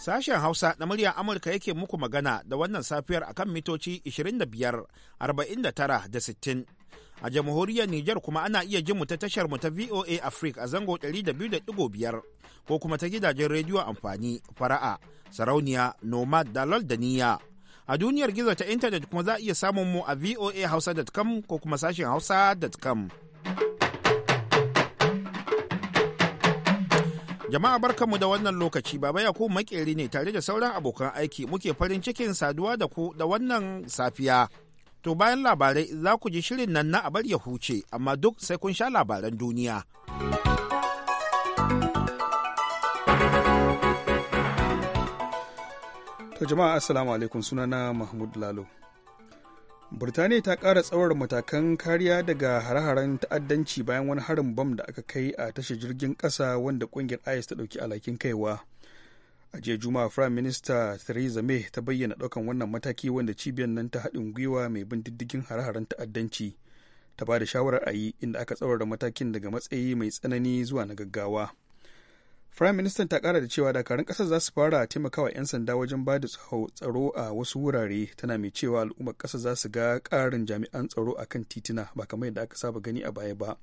Sashen Hausa na muryar Amurka yake muku magana da wannan safiyar akan mitoci 25, da 60. A jamhuriyar Nijar kuma ana iya jin mu ta tashar mu ta VOA Africa a zango 200.5 ko kuma ta gidajen rediyo amfani fara'a, sarauniya, nomad da da niyya. A duniyar gizo ta intanet kuma za a iya samun mu a VOA voahausa.com ko kuma sashen hausa.com. Jama'a barkanmu da wannan lokaci Baba ku makeri ne tare da sauran abokan aiki muke farin cikin saduwa da ku da wannan safiya. To bayan labarai za ku ji shirin nan na bar ya huce amma duk sai kun sha labaran duniya. To jama'a assalamu alaikum sunana Mahmud Lalo. burtaniya ta kara tsawar matakan kariya daga hare-haren ta'addanci bayan wani harin bam da aka kai a tashar jirgin kasa wanda kungiyar is ta dauki alhakin kaiwa a jiya juma'a prime minister theresa may ta bayyana daukan wannan mataki wanda cibiyar nan ta haɗin gwiwa mai bin diddigin hare-haren ta'addanci ta ba da shawarar a yi inda aka tsawar matakin daga matsayi mai tsanani zuwa na gaggawa Firayim Ministan ta kara da cewa dakarun ƙasar za su fara taimakawa 'yan sanda wajen ba da tsaro a wasu wurare tana mai cewa al'ummar ƙasa za su ga ƙarin jami'an tsaro a kan titina ba kamar yadda aka saba gani a baya ba.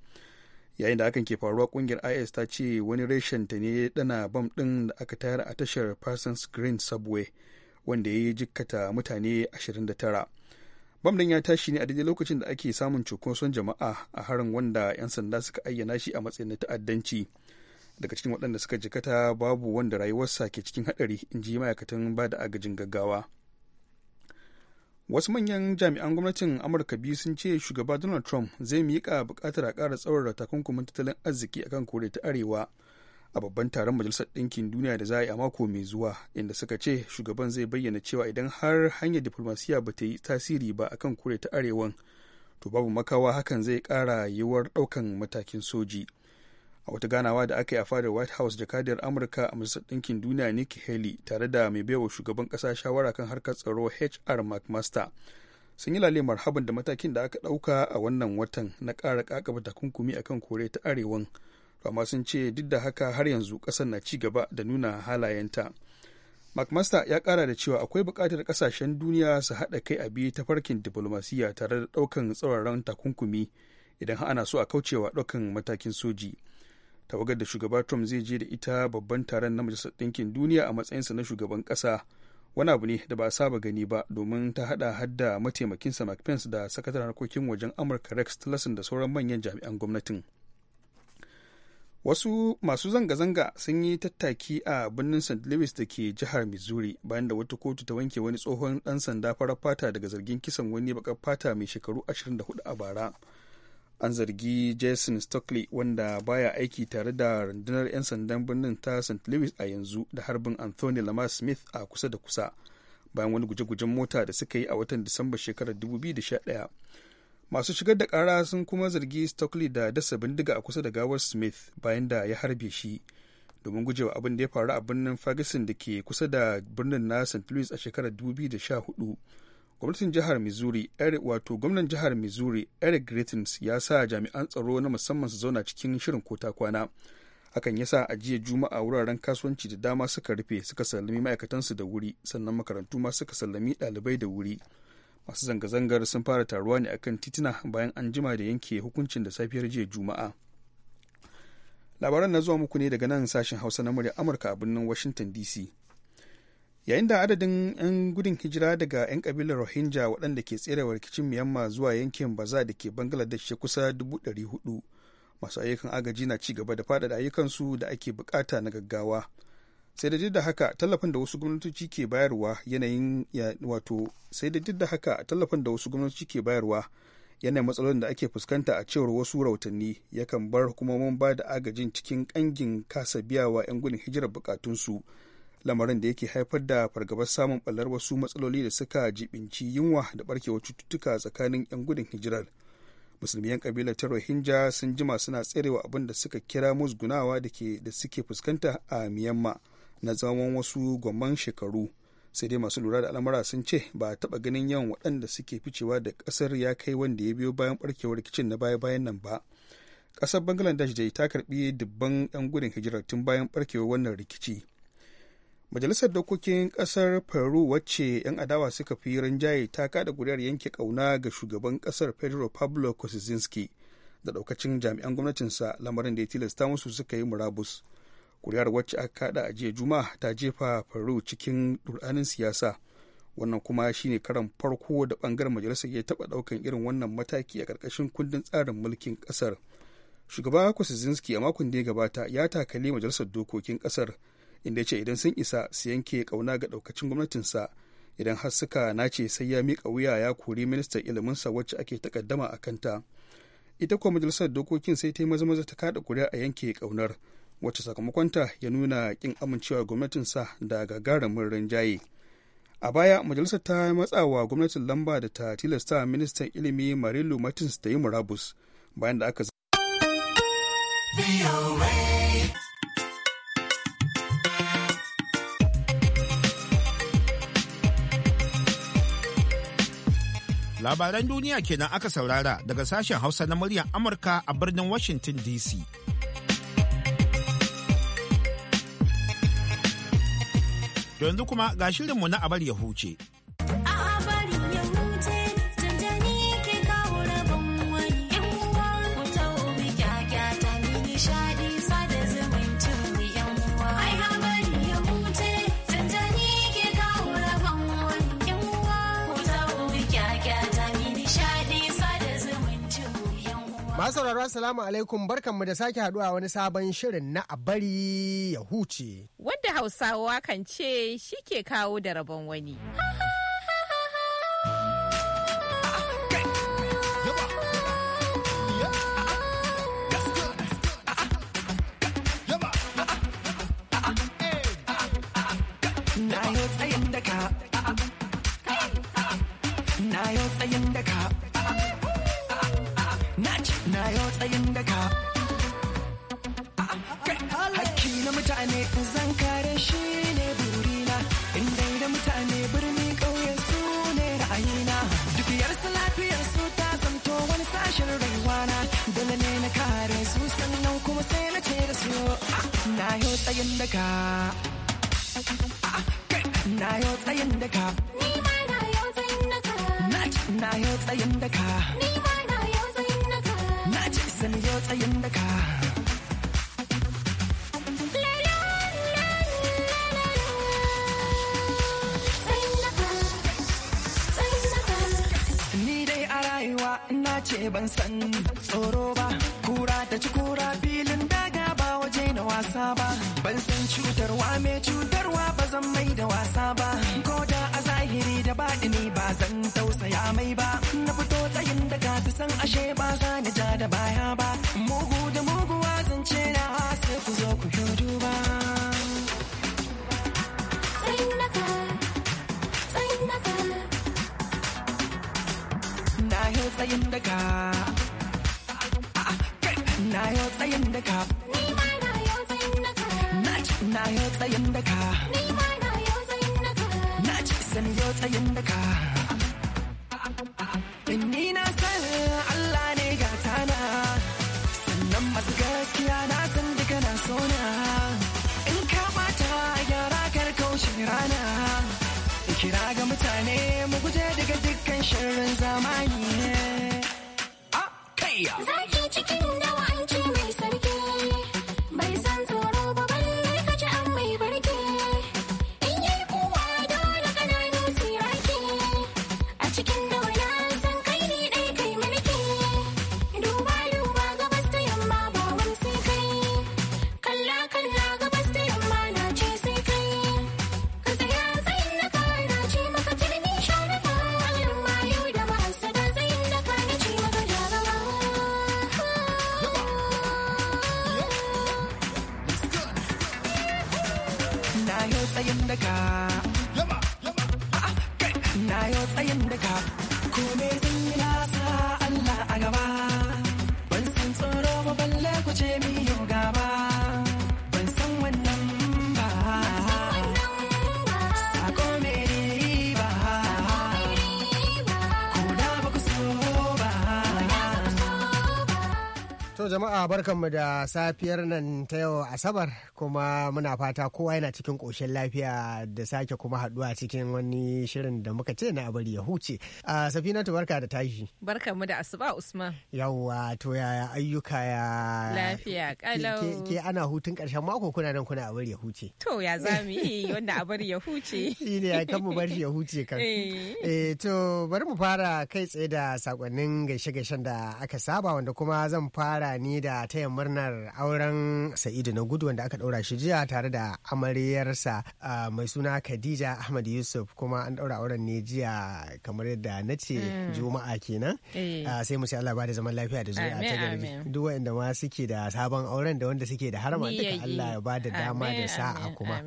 Yayin da hakan ke faruwa ƙungiyar IS ta ce wani reshen ta ne dana bam ɗin da aka tayar a tashar Parsons Green Subway wanda ya yi jikkata mutane 29. Bam ɗin ya tashi ne a daidai lokacin da ake samun cunkoson jama'a a harin wanda 'yan sanda suka ayyana shi a matsayin na ta'addanci. daga cikin waɗanda suka jikata babu wanda rayuwarsa ke cikin haɗari in ji ma'aikatan ba da agajin gaggawa wasu manyan jami'an gwamnatin amurka biyu sun ce shugaba donald trump zai miƙa buƙatar a ƙara tsawon takunkumin tattalin arziki akan kore ta arewa a babban taron majalisar ɗinkin duniya da za a yi a mako mai zuwa inda suka ce shugaban zai bayyana cewa idan har hanyar diflomasiyya ba ta yi tasiri ba akan kore ta arewan to babu makawa hakan zai ƙara yiwuwar ɗaukan matakin soji. a wata ganawa da aka yi a fadar white house jakadiyar amurka a majalisar ɗinkin duniya nikki haley tare da mai baiwa shugaban ƙasa shawara kan harkar tsaro hr mcmaster sun yi lalle marhaban da matakin da aka ɗauka a wannan watan na ƙara ƙaƙaba takunkumi a kan kore ta arewan amma sun ce duk da haka har yanzu ƙasar na ci gaba da nuna halayenta mcmaster ya ƙara da cewa akwai buƙatar ƙasashen duniya su haɗa kai a biyu ta farkin diflomasiyya tare da ɗaukan tsauraran takunkumi idan ana so a kaucewa ɗaukan matakin soji. tawagar da shugaba trump zai je da ita babban taron na majalisar ɗinkin duniya a matsayinsa na shugaban ƙasa wani abu ne da ba a saba gani ba domin ta hada hadda mataimakinsa mike pence da sakataren harkokin wajen amurka rex tillerson da sauran manyan jami'an gwamnatin wasu masu zanga-zanga sun yi tattaki a birnin st louis da ke jihar missouri bayan da wata kotu ta wanke wani tsohon dan sanda farar fata daga zargin kisan wani bakar fata mai shekaru 24 a bara an zargi jason stockley wanda baya aiki tare da rundunar 'yan sandan birnin ta st louis a yanzu da harbin anthony lamar smith a kusa da kusa bayan wani guje-gujen mota da suka yi a watan disamba shekarar 2011 masu shigar da kara sun kuma zargi stockley da dasa bindiga a kusa da gawar smith bayan da ya harbe shi domin gujewa abin da ya faru a birnin ferguson da ke kusa da birnin na st louis a shekarar 2014 gwamnatin jihar missouri eric wato gwamnan jihar missouri eric grittins ya sa jami'an tsaro na musamman su zauna cikin shirin kota kwana hakan ya sa a jiya juma'a wuraren kasuwanci da dama suka rufe suka sallami ma'aikatansu da wuri sannan makarantu ma suka sallami ɗalibai da wuri masu zanga-zangar sun fara taruwa ne akan titina, bayan an jima da yanke hukuncin da safiyar jiya juma'a labaran na zuwa muku ne daga nan sashen hausa na murya amurka a birnin washington dc yayin da adadin 'yan gudun hijira daga 'yan kabilar rohingya waɗanda ke tserewa rikicin myanmar zuwa yankin baza da ke bangladesh ya kusa 400 masu ayyukan agaji na ci gaba da faɗaɗa ayyukansu da ake bukata na gaggawa sai da da haka tallafin da wasu gwamnatoci ke bayarwa yanayin wato sai da haka tallafin da wasu gwamnatoci ke bayarwa yanayin matsalolin da ake fuskanta a cewar wasu rahotanni yakan bar hukumomin ba da agajin cikin kangin kasa biyawa 'yan gudun hijira bukatunsu su lamarin da yake haifar da fargabar samun ɓallar wasu matsaloli da suka jibinci yunwa da barkewar cututtuka tsakanin 'yan gudun hijirar musulmi 'yan kabilar ta rohingya sun jima suna tserewa abin da suka kira musgunawa da suke fuskanta a miyamma na tsawon wasu gwamman shekaru sai dai masu lura da al'amura sun ce ba a taɓa ganin yawan waɗanda suke ficewa da ƙasar ya kai wanda ya biyo bayan barkewar rikicin na baya-bayan nan ba ƙasar bangladesh dai ta karbi dubban 'yan gudun hijirar tun bayan barkewar wannan rikici majalisar dokokin kasar peru wacce 'yan adawa suka fi rinjaye ta kada guriyar yanke kauna ga shugaban kasar pedro pablo kosizinski da daukacin jami'an gwamnatinsa lamarin da ya tilasta musu suka yi murabus Ƙuri'ar wacce aka kada a jiya juma ta jefa peru cikin dur'anin siyasa wannan kuma shine karan farko da bangaren majalisar ya taba daukan irin wannan mataki a karkashin kundin tsarin mulkin kasar shugaba kosizinski a makon da ya gabata ya takale majalisar dokokin kasar inda ya ce idan sun isa su yanke kauna ga daukacin gwamnatinsa idan har suka nace sai ya mika wuya ya kori ministan iliminsa wacce ake takaddama a kanta ita kuwa majalisar dokokin sai ta yi maza maza ta kada kuri'a a yanke kaunar wacce sakamakonta ya nuna kin amincewa gwamnatinsa da gagarumin rinjaye a baya majalisar ta matsawa gwamnatin lamba da ta tilasta ministan ilimi marilu martins da yi murabus bayan da aka Labaran duniya kenan aka saurara daga sashen Hausa na muryar Amurka a birnin Washington DC. yanzu kuma ga shirinmu na abar ya huce. Masu sauraro Assalamu alaikum barkanmu da sake haduwa wani sabon shirin na a bari ya huce. Wadda Hausawa kan ce shi ke kawo da rabon wani. tsayin daka na yau tsayin daka na ci na yau tsayin daka na ci sun yau tsayin daka na ce ban san tsoro ba kura ta ci kura filin daga ba waje na wasa ba cutarwa mai cutarwa ba zan mai da wasa ba ko da a zahiri da ni ba zan tausaya mai ba na fito tsayin da ka san ashe ba za ni ja da baya ba mugu da muguwa zan ce na sai ku zo ku yi ba Na yau tsayin da ka, na yau tsayin da ka. na yau tsayin ka. na ci sani yau tsayin ka. inni na san Allah ne ga tana, sannan masu gaskiya na san duka na sona in ka bata gyara kar kaushe rana kira ga mutane mu guje daga dukkan shirin zamani tsayin daka na yau tsayin daka kome zan yi nasa Allah a gaba ban san tsoro ba balle ku ce miyo gaba ban san wannan ba sako me riba ko da ba ku so ba to jama'a barkanmu da safiyar nan ta yau asabar kuma muna fata kowa yana cikin ƙoshin lafiya da sake kuma haɗuwa cikin wani shirin da muka ce na bari ya huce a safina barka da tashi barka mu da asuba usman yawwa to yaya ayyuka ya lafiya kalau ke ana hutun ƙarshen mako kuna nan kuna bari ya huce to ya mu yi wanda bari ya huce ne ya kan mu bar shi ya huce kan eh. eh to bari mu fara kai tsaye da sakonnin gaishe-gaishen da aka saba wanda kuma zan fara ni da tayin murnar auren sa'idu na gudu wanda aka ɗora shi jiya tare da amaryarsa mai suna Khadija Ahmad Yusuf kuma an ɗaura auren ne jiya kamar yadda na ce mm. Juma'a kenan. Eh. Sai mu ce Allah ba da zaman lafiya da zuwa ta gari. Duk waɗanda ma suke da sabon auren da wanda suke da harma duka Allah ya ba da dama da sa'a kuma.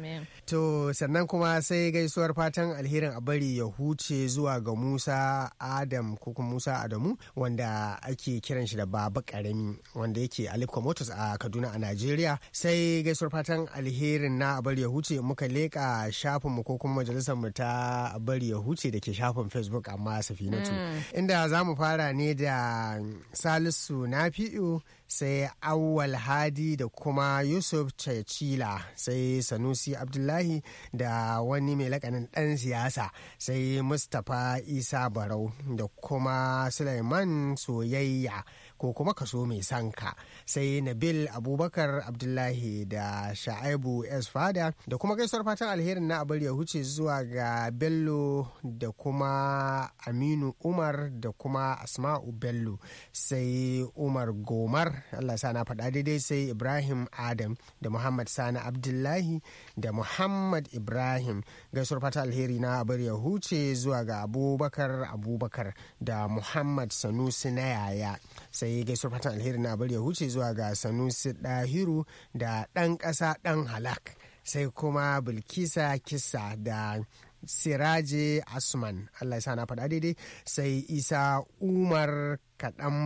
To sannan kuma sai gaisuwar fatan alherin a bari ya huce zuwa ga Musa Adam ko kuma Musa Adamu wanda ake kiran shi da Baba Karami wanda yake Alif Motors a Kaduna a Najeriya sai gaisuwar fatan alherin na abar ya huce muka leƙa shafinmu ko kuma majalisar mu ta abar ya huce da ke shafin facebook amma safinatu hmm. inda za mu fara ne da salisu na nafi'u sai awwal hadi da kuma yusuf cecila sai sanusi abdullahi da wani mai laƙanin ɗan siyasa sai mustapha isa barau da kuma suleiman soyayya ko kuma kaso mai sanka sai nabil abubakar abdullahi da sha'aibu s fada da kuma gaisuwar fatan alherin na abar ya huce zuwa ga bello da kuma aminu umar da kuma asma'u bello sai umar gomar allah sa na faɗa daidai sai ibrahim adam da muhammad sani abdullahi da Muhammad Ibrahim gaisuwar fata alheri na abar ya huce zuwa ga Abubakar Abubakar da Muhammad Sanusi na yaya sai gaisuwar fata alheri na abar ya huce zuwa ga Sanusi Dahiru da ɗan ƙasa ɗan halak sai kuma Bilkisa Kisa da Siraje Asman Allah ya sa na faɗa daidai sai Isa Umar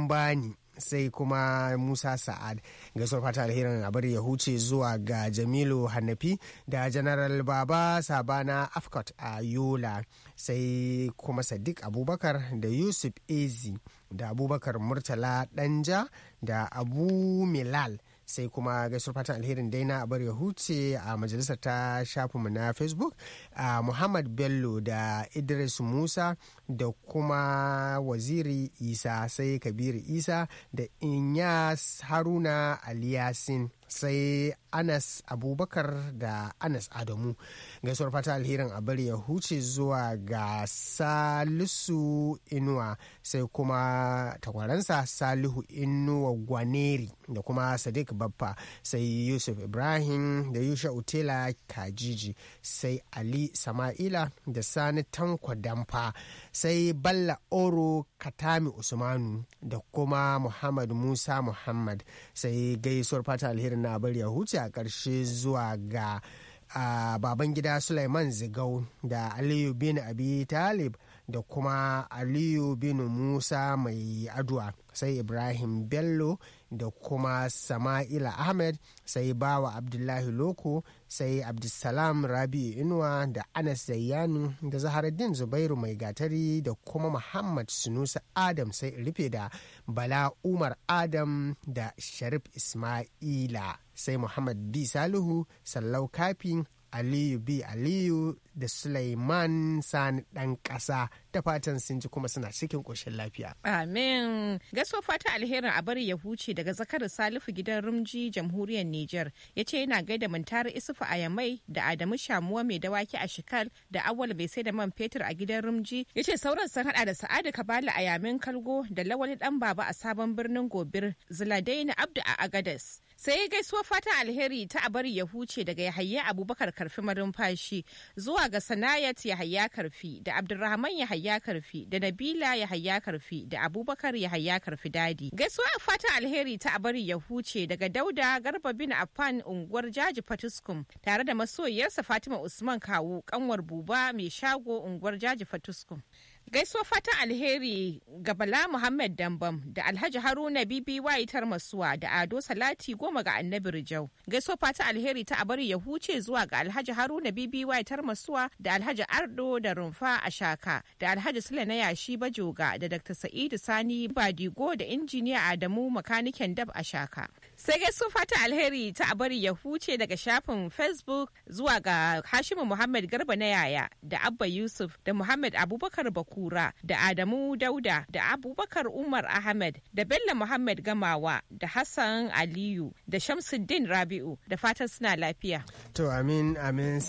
bani. sai kuma musa sa'ad gaisuwar fata alherin abar ya huce zuwa ga jamilu hannafi da janaral baba sabana afcot a yola sai kuma sadiq abubakar da yusuf ezi da abubakar murtala danja da abu milal sai kuma gaisuwar fatan alherin daina a ya huce a majalisar ta mu na facebook a muhammad bello da idris musa da kuma waziri isa sai kabiru isa da inyas haruna aliyasin sai anas abubakar da anas adamu gaisuwar fata alherin a bari ya huce zuwa ga salisu inuwa sai kuma takwaransa salihu inuwa gwaneri da kuma sadiq baffa sai yusuf ibrahim da yusha utela kajiji sai ali sama'ila da sani tanko damfa sai balla oro katami usmanu da kuma muhammad musa muhammad sai gaisuwar fata alherin na bari ya huce a ƙarshe zuwa ga Babangida baban gida Sulaiman Zigau da Aliyu bin Abi Talib da kuma Aliyu bin Musa mai aduwa sai Ibrahim Bello da kuma sama'ila ahmed sai bawa abdullahi loko sai abdulsalam rabi'u inuwa da anas zayyanu da zaharaddin zubairu mai gatari da kuma muhammad sunusa adam sai rufe da bala umar adam da sharif ismaila sai muhammad bi salihu sallau kafin aliyu bi aliyu da Sulaiman Sani ɗan ƙasa da fatan sun ji kuma suna cikin ƙoshin lafiya. Amin. Gaso fata alherin a bari ya huce daga zakarar Salifu gidan Rumji jamhuriyar Nijar ya ce yana gaida mintar Isufu a Yamai da Adamu Shamuwa mai dawaki a Shikal da Awal bai sai da man fetur a gidan Rumji ya ce sauran sun hada da Sa'adu Kabala a Yamin Kalgo da Lawali Dan Baba a sabon birnin Gobir Zuladaini Abdu a Agadas. Sai gaisuwar fata alheri ta a bari ya huce daga Yahaya Abubakar Karfi Marumfashi zuwa ga Sanayat Yahaya Karfi da Abdulrahman Yahaya Karfi da Nabila Yahaya Karfi da Abubakar Yahaya Karfi Dadi. Gaisuwa a fata alheri ta abari ya huce daga Dauda Garba bin Affan unguwar Jaji Fatuskum tare da masoyiyarsa Fatima Usman Kawu kanwar Buba mai shago unguwar Jaji Fatuskum. Gaisuwa ta alheri ga Bala Muhammad Dambam da Alhaji Haruna BBY Tarmasuwa da Ado Salati goma ga Annabi Rijau. Gaisuwa ta alheri ta abari ya huce zuwa ga Alhaji Haruna BBY Tarmasuwa da Alhaji Ardo da Rumfa ashaka da Alhaji Sule na Yashi Bajoga da Dr. Sa'idu Sani Badigo da injiniya Adamu makaniken dab ashaka. Sai gaisu fata alheri ta bari ya huce daga shafin Facebook zuwa ga Hashimu Muhammad Garba na yaya da Abba Yusuf da Muhammad Abubakar Bakura da Adamu Dauda da Abubakar Umar Ahmed da Bello Muhammad Gamawa da Hassan Aliyu da Shamsuddin Rabi'u da fatan suna lafiya. To amin amin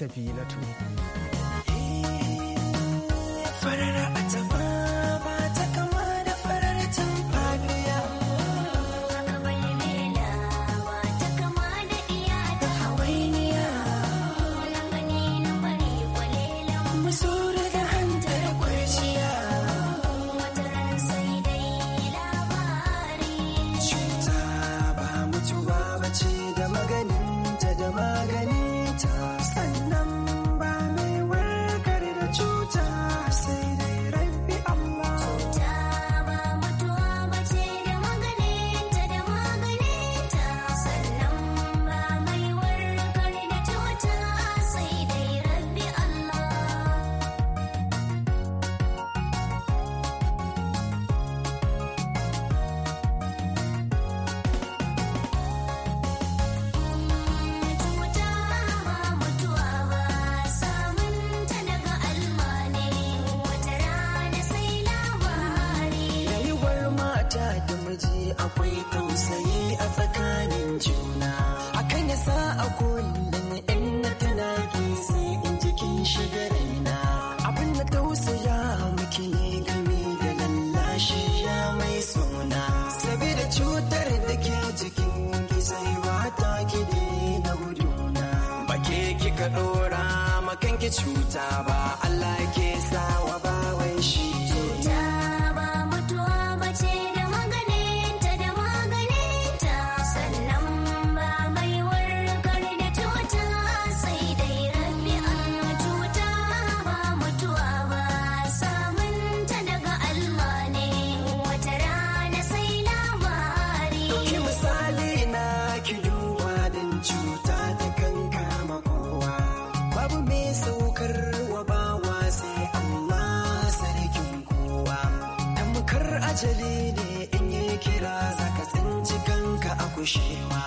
kushewa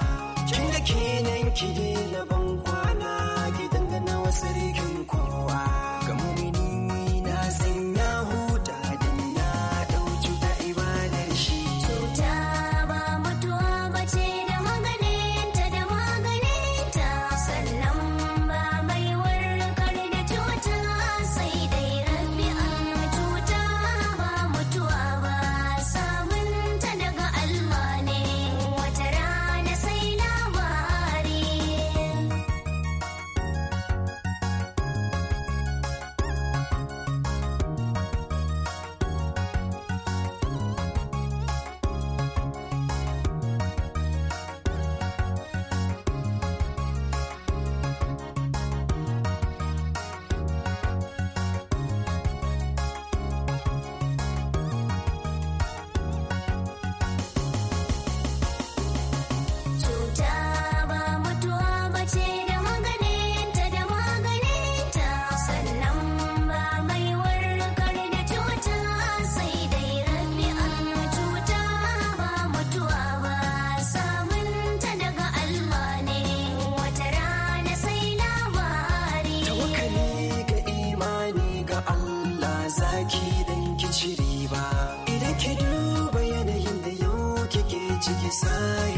kin da kenan ki na ban ya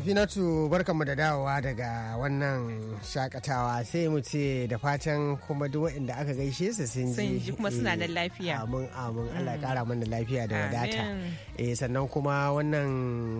safinatu barkanmu da dawowa daga wannan shakatawa sai mu ce da fatan kuma duk waɗanda aka gaishe su sun ji kuma suna da lafiya amin amin mm. Allah ya kara mana lafiya da wadata eh sannan kuma wannan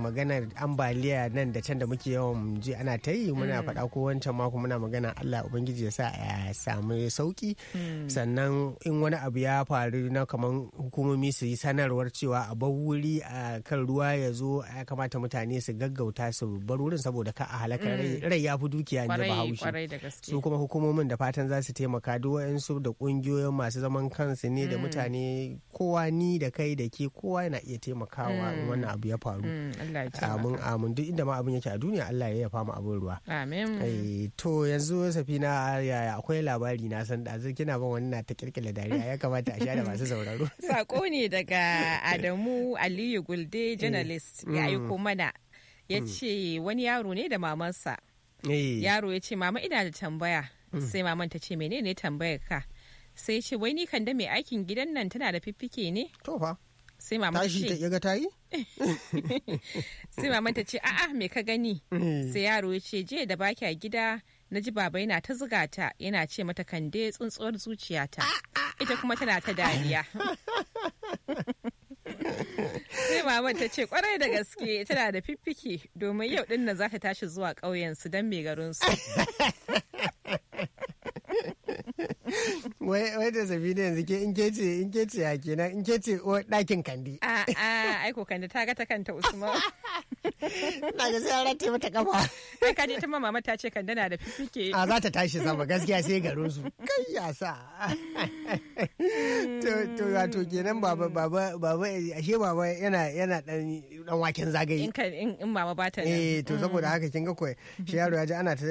maganar ambaliya nan da can da muke yawan ji ana ta yi muna mm. faɗa ko wancan mako muna magana Allah ubangiji ya sa a samu sauki mm. sannan in wani abu ya faru na kamar hukumomi su yi sanarwar cewa a bar wuri a kan ruwa ya zo ya kamata mutane su gaggauta su bar wurin saboda ka a halakar rai ya fi dukiya ne ba haushi shi su kuma hukumomin da fatan za su taimaka duk wa'yansu da kungiyoyin masu zaman kansu ne da mm. mutane kowa ni da kai da ke kowa yana iya taimakawa in mm. wannan abu ya faru mm, amin amin duk inda ma abin yake a duniya Allah ya yafa mu abin ruwa amin eh, to yanzu safina yaya akwai labari na san da kina ban wani ta kirkire dariya ya kamata a sha da masu sauraro sako ne daga Adamu Aliyu Gulde journalist ya aiko mana ya ce wani yaro ne da mamansa Eh. yaro ya ce mama ina da tambaya hmm. sai maman ta ce menene tambayar ka sai ce wai ni kan da mai aikin gidan nan tana da fiffike ne to fa sai maman ta ce ya ga tayi sai maman ta ce a'a me ka gani eh. sai yaro ya ce je da baki gida na ji baba yana ta zuga ta yana ce mata kande tsuntsuwar zuciyata ah, ah, ita kuma ah. tana ta dariya sai maman ta ce kwarai da gaske tana da fiffike domin yau din nan za ta tashi zuwa ƙauyen su don mai garin su wai da zabi da yanzu in kece in kece ya kenan in kece o dakin kandi a a aiko kandi ta ga ta kanta usman na ga sai mata kafa kai ka je ta mama ta ce kan na da fifike a za ta tashi sama gaskiya sai garo su kai ya sa hmm. to to to kenan baba baba baba ashe baba yana yana dan dan waken zagaye in kan in mama ba ta eh to hmm. saboda haka kin ga koi shi yaro ya ji ana ta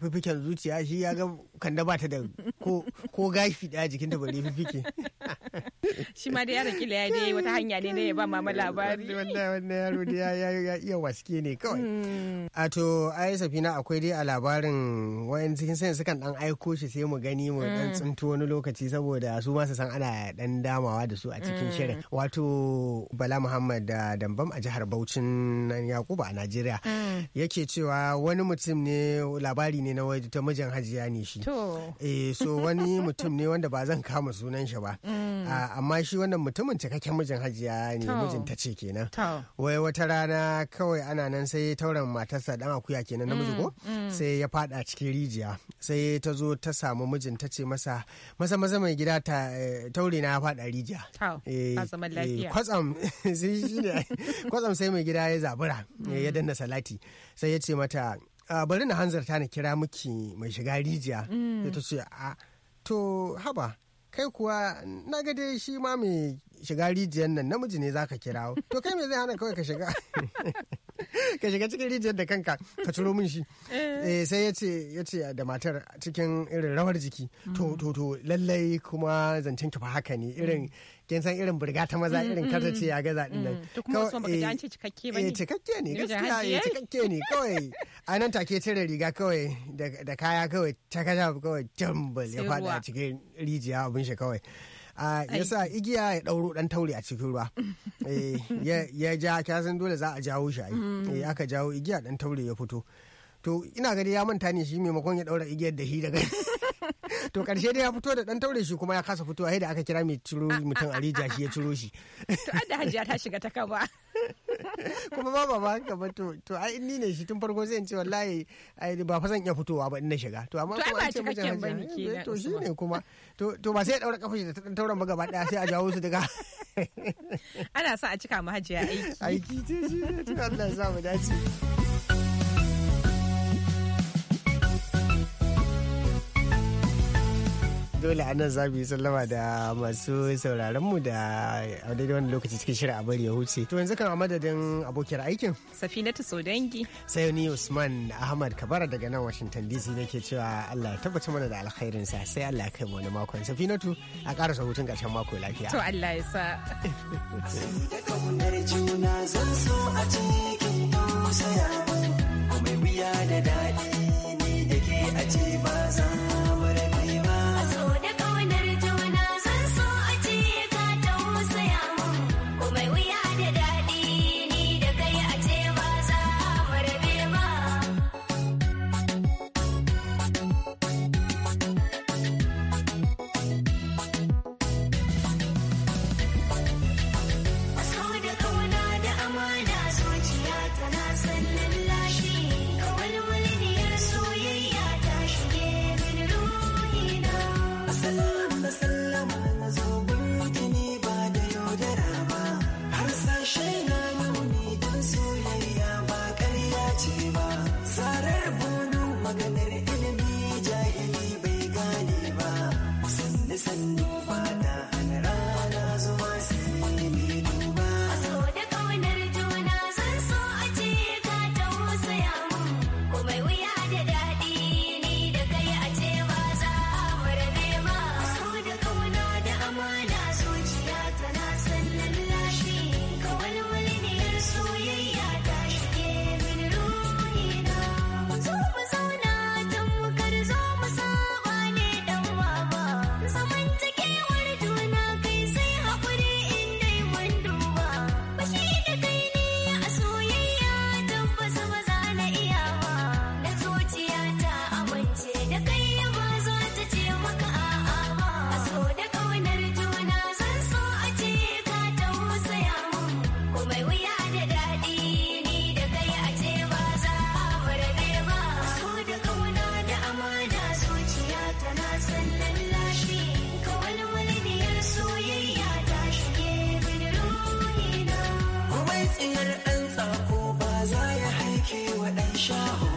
fifiken zuciya shi ya ga kanda ba ta da ko ko gashi da jikinta bare fifike shi ma da yaron kila ya dai wata hanya ne na ya ba mama labari wanda wanda yaro da ya iya waske ne kawai hmm. a to ai safina akwai dai a labarin wayan cikin sai sukan dan aiko shi sai mu gani mu dan hmm. tsinto wani lokaci saboda su ma su san ana dan damawa da su a cikin shirin hmm. wato bala muhammad da dambam a jihar Bauchin nan yakuba a najeriya yake cewa wani mutum ne labari ne na waje ta mijin hajiya ne shi eh so wani mutum ne wanda ba zan kama sunan shi ba amma shi wannan mutumin cikakken mijin hajiya ne mijin ta ce kenan wai wata rana kawai ana nan sai tauran matarsa dan akuya kenan na mijigo mm, mm. sai ya fada cikin rijiya sai ta zo ta samu mijin ta ce masa masa maza mai gida ta eh, taure na ya fada rijiya eh, eh, kwatsam kwatsam sai mai gida ya zabura mm. ya danna salati sai ya ce mata bari na hanzarta na kira miki mai shiga rijiya sai ta ce a to haba kai kuwa na ga dai shi ma mai shiga rijiyar nan namiji ne za ka kirawo to kai me zai hana kawai ka shiga ka shiga cikin rijiyar da kanka ka ciro min shi eh. Eh, sai ya ce ya ce da matar cikin irin rawar jiki to mm. to to lallai kuma zancen ki fa haka ne irin mm. kin san irin burga ta maza mm, irin karta ce ya ga din nan to kuma son baka ji eh, cikakke ba ne cikakke ne gaskiya cikakke ne kawai a nan take cire riga kawai da kaya kawai ta kawai jambal ya fada cikin rijiya abin shi kawai yasa igiya ya ɗauro ɗan taure a cikin ruwa eh, ya ja kyasan dole za a jawo shi mm. eh, aka jawo igiya ɗan taure ya fito to ina gani ya manta ne shi maimakon ya daura igiyar da shi daga to karshe dai ya fito da dan taure shi kuma ya kasa fitowa da aka kira mai ciro mutum a rija shi ya ciro shi to da hajiya ta shiga ta kaba kuma ba ba ka ba to to ai ni ne shi tun farko zai ce wallahi ai ba fa zan iya fitowa ba in na shiga to amma kuma an ce mijin hajiya eh, to shi ne kuma to to ba sai ya daura shi da taura tauren ba gaba daya sai a jawo su daga ana sa a cika mu hajiya aiki aiki ce shi Allah ya sa mu dace dole a nan za yi sallama da masu sauraron mu da a daidai wani lokaci cikin shirin a bari ya huce to yanzu kan a madadin abokiyar aikin safinatu dangi sai ni usman ahmad kabara daga nan washington dc ke cewa allah ya tabbata mana da alkhairin sa sai allah ya kai mu wani makon safinatu a ƙara hutun ƙarshen mako lafiya to allah ya sa juna ya wuya da daɗi ni da ke a ce shower.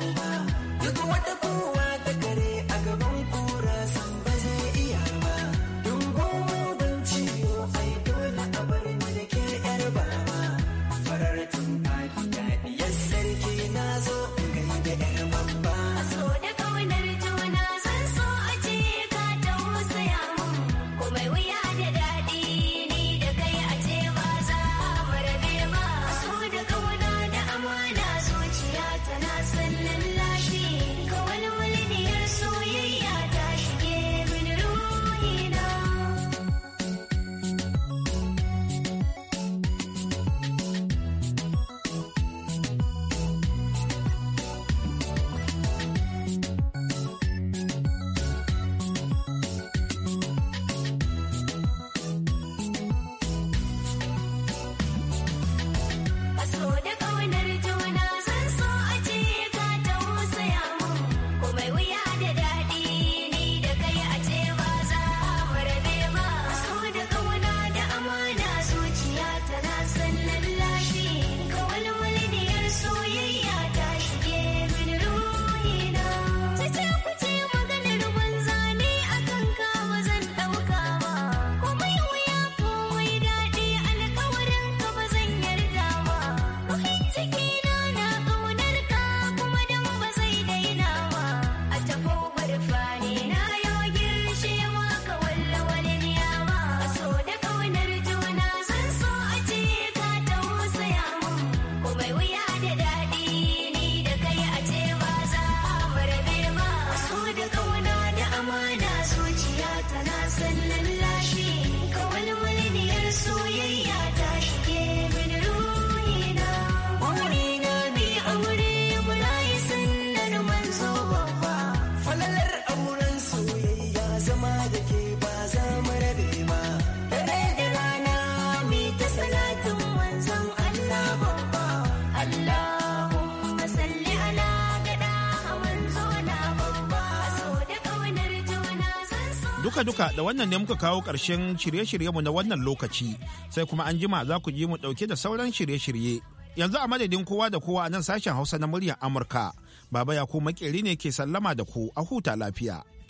haka duka da wannan ne muka kawo ƙarshen shirye-shiryenmu na wannan lokaci sai kuma an jima za ku ji mu ɗauke da sauran shirye-shirye. Yanzu a madadin kowa da kowa a nan sashen Hausa na muryar Amurka, Baba ya ku Makeri ne ke sallama da ku a huta lafiya.